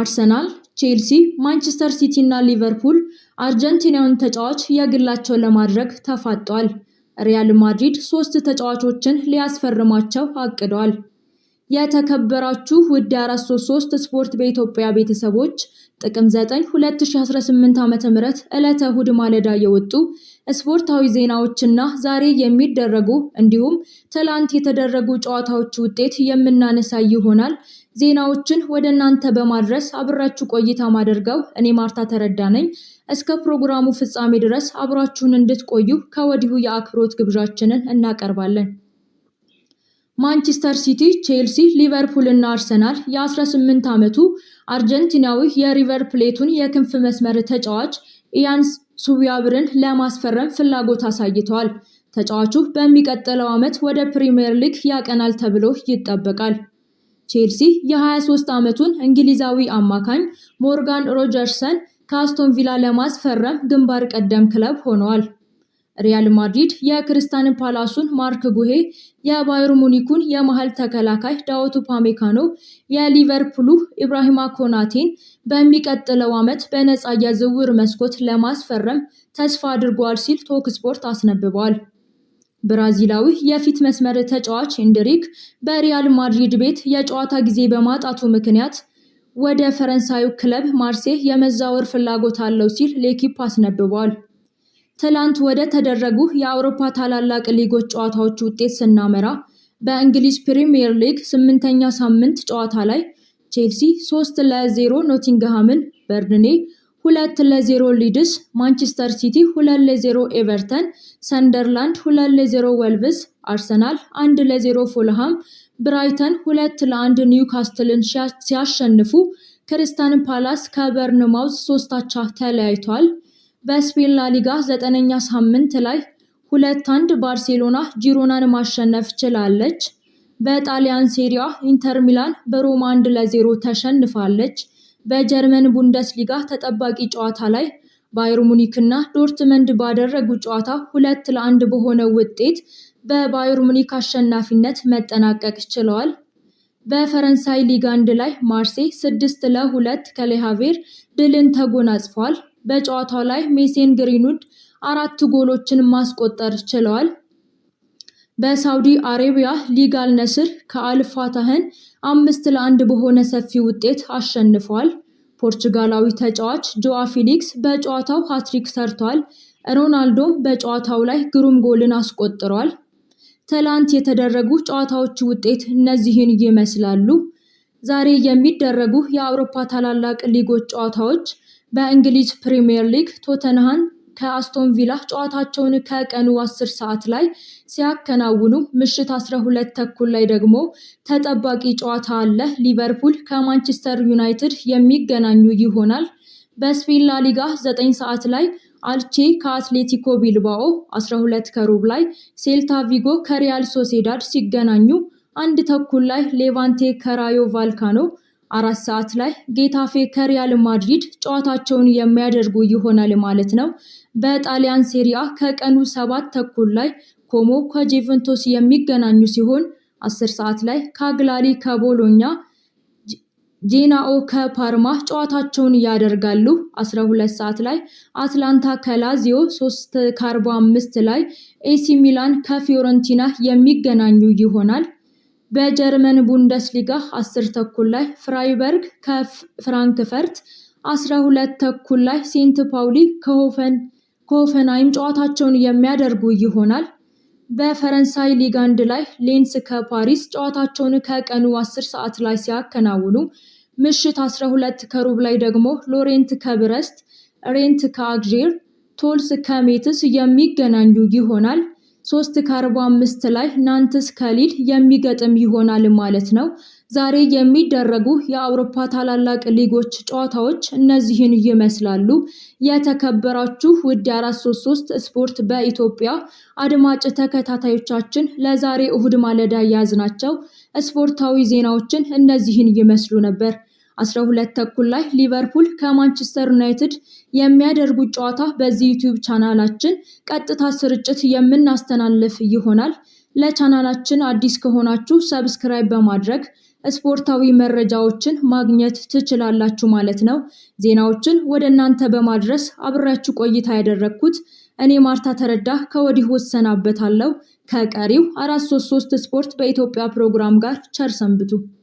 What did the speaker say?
አርሰናል፣ ቼልሲ፣ ማንቸስተር ሲቲ እና ሊቨርፑል አርጀንቲናውን ተጫዋች የግላቸው ለማድረግ ተፋጧል። ሪያል ማድሪድ ሶስት ተጫዋቾችን ሊያስፈርማቸው አቅዷል። የተከበራችሁ ውድ 433 ስፖርት በኢትዮጵያ ቤተሰቦች ጥቅም 9 2018 ዓ.ም ዕለተ እሁድ ማለዳ የወጡ ስፖርታዊ ዜናዎችና ዛሬ የሚደረጉ እንዲሁም ትላንት የተደረጉ ጨዋታዎች ውጤት የምናነሳ ይሆናል። ዜናዎችን ወደ እናንተ በማድረስ አብራችሁ ቆይታ ማደርገው እኔ ማርታ ተረዳ ነኝ። እስከ ፕሮግራሙ ፍጻሜ ድረስ አብራችሁን እንድትቆዩ ከወዲሁ የአክብሮት ግብዣችንን እናቀርባለን። ማንቸስተር ሲቲ፣ ቼልሲ፣ ሊቨርፑል እና አርሰናል የ18 ዓመቱ አርጀንቲናዊ የሪቨር ፕሌቱን የክንፍ መስመር ተጫዋች ኢያን ሱቢያብርን ለማስፈረም ፍላጎት አሳይተዋል። ተጫዋቹ በሚቀጥለው ዓመት ወደ ፕሪምየር ሊግ ያቀናል ተብሎ ይጠበቃል። ቼልሲ የ23 ዓመቱን እንግሊዛዊ አማካኝ ሞርጋን ሮጀርሰን ከአስቶን ቪላ ለማስፈረም ግንባር ቀደም ክለብ ሆነዋል። ሪያል ማድሪድ የክርስታን ፓላሱን ማርክ ጉሄ፣ የባየር ሙኒኩን የመሃል ተከላካይ ዳውቱ ፓሜካኖ፣ የሊቨርፑሉ ኢብራሂማ ኮናቴን በሚቀጥለው ዓመት በነፃ የዝውውር መስኮት ለማስፈረም ተስፋ አድርጓል ሲል ቶክ ስፖርት አስነብቧል። ብራዚላዊ የፊት መስመር ተጫዋች ኢንድሪክ በሪያል ማድሪድ ቤት የጨዋታ ጊዜ በማጣቱ ምክንያት ወደ ፈረንሳዩ ክለብ ማርሴይ የመዛወር ፍላጎት አለው ሲል ሌኪፕ አስነብቧል። ትላንት ወደ ተደረጉ የአውሮፓ ታላላቅ ሊጎች ጨዋታዎች ውጤት ስናመራ በእንግሊዝ ፕሪምየር ሊግ ስምንተኛ ሳምንት ጨዋታ ላይ ቼልሲ ሶስት ለዜሮ ኖቲንግሃምን፣ በርንሌይ ሁለት ለዜሮ ሊድስ፣ ማንቸስተር ሲቲ ሁለት ለዜሮ ኤቨርተን፣ ሰንደርላንድ ሁለት ለዜሮ ወልቭስ፣ አርሰናል አንድ ለዜሮ ፉልሃም፣ ብራይተን ሁለት ለአንድ ኒውካስትልን ሲያሸንፉ ክርስታን ፓላስ ከበርንማውዝ ሶስታቻ ተለያይቷል። በስፔን ላሊጋ ዘጠነኛ ሳምንት ላይ ሁለት አንድ ባርሴሎና ጂሮናን ማሸነፍ ችላለች። በጣሊያን ሴሪያ ኢንተር ሚላን በሮማ አንድ ለዜሮ ተሸንፋለች። በጀርመን ቡንደስሊጋ ተጠባቂ ጨዋታ ላይ ባየር ና ዶርትመንድ ባደረጉ ጨዋታ ሁለት ለአንድ በሆነ ውጤት በባየር ሙኒክ አሸናፊነት መጠናቀቅ ችለዋል። በፈረንሳይ ሊግ አንድ ላይ ማርሴ ስድስት ለሁለት ከሌሃቬር ድልን ተጎናጽፏል። በጨዋታው ላይ ሜሴን ግሪኑድ አራት ጎሎችን ማስቆጠር ችለዋል። በሳውዲ አሬቢያ ሊግ አልነስር ከአልፋታህን አምስት ለአንድ በሆነ ሰፊ ውጤት አሸንፏል። ፖርቹጋላዊ ተጫዋች ጆዋ ፊሊክስ በጨዋታው ሃትሪክ ሰርቷል። ሮናልዶም በጨዋታው ላይ ግሩም ጎልን አስቆጥሯል። ትላንት የተደረጉ ጨዋታዎች ውጤት እነዚህን ይመስላሉ። ዛሬ የሚደረጉ የአውሮፓ ታላላቅ ሊጎች ጨዋታዎች በእንግሊዝ ፕሪምየር ሊግ ቶተንሃን ከአስቶን ቪላ ጨዋታቸውን ከቀኑ 10 ሰዓት ላይ ሲያከናውኑ ምሽት 12 ተኩል ላይ ደግሞ ተጠባቂ ጨዋታ አለ። ሊቨርፑል ከማንቸስተር ዩናይትድ የሚገናኙ ይሆናል። በስፔን ላሊጋ 9 ሰዓት ላይ አልቼ ከአትሌቲኮ ቢልባኦ፣ 12 ከሩብ ላይ ሴልታ ቪጎ ከሪያል ሶሴዳድ ሲገናኙ አንድ ተኩል ላይ ሌቫንቴ ከራዮ ቫልካኖ አራት ሰዓት ላይ ጌታፌ ከሪያል ማድሪድ ጨዋታቸውን የሚያደርጉ ይሆናል ማለት ነው። በጣሊያን ሴሪያ ከቀኑ ሰባት ተኩል ላይ ኮሞ ከጁቬንቱስ የሚገናኙ ሲሆን አስር ሰዓት ላይ ካግላሪ ከቦሎኛ፣ ጄናኦ ከፓርማ ጨዋታቸውን ያደርጋሉ። 12 ሰዓት ላይ አትላንታ ከላዚዮ፣ 3 ከ45 ላይ ኤሲ ሚላን ከፊዮረንቲና የሚገናኙ ይሆናል። በጀርመን ቡንደስሊጋ አስር ተኩል ላይ ፍራይበርግ ከፍራንክፈርት አስራ ሁለት ተኩል ላይ ሴንት ፓውሊ ከሆፈን ከሆፈንሃይም ጨዋታቸውን የሚያደርጉ ይሆናል። በፈረንሳይ ሊግ አንድ ላይ ሌንስ ከፓሪስ ጨዋታቸውን ከቀኑ 10 ሰዓት ላይ ሲያከናውኑ ምሽት 12 ከሩብ ላይ ደግሞ ሎሬንት ከብረስት፣ ሬንት ከአግዤር፣ ቶልስ ከሜትስ የሚገናኙ ይሆናል። ሶስት ከአርባ አምስት ላይ ናንትስ ከሊል የሚገጥም ይሆናል ማለት ነው። ዛሬ የሚደረጉ የአውሮፓ ታላላቅ ሊጎች ጨዋታዎች እነዚህን ይመስላሉ። የተከበራችሁ ውድ የአራት ሶስት ሶስት ስፖርት በኢትዮጵያ አድማጭ ተከታታዮቻችን ለዛሬ እሁድ ማለዳ ያዝናቸው ስፖርታዊ ዜናዎችን እነዚህን ይመስሉ ነበር። ሁለት ተኩል ላይ ሊቨርፑል ከማንቸስተር ዩናይትድ የሚያደርጉት ጨዋታ በዚህ ዩቲዩብ ቻናላችን ቀጥታ ስርጭት የምናስተላልፍ ይሆናል። ለቻናላችን አዲስ ከሆናችሁ ሰብስክራይብ በማድረግ ስፖርታዊ መረጃዎችን ማግኘት ትችላላችሁ ማለት ነው። ዜናዎችን ወደ እናንተ በማድረስ አብሬያችሁ ቆይታ ያደረግኩት እኔ ማርታ ተረዳ ከወዲሁ ወሰናበታለሁ። ከቀሪው ሶስት ስፖርት በኢትዮጵያ ፕሮግራም ጋር ቸር ሰንብቱ።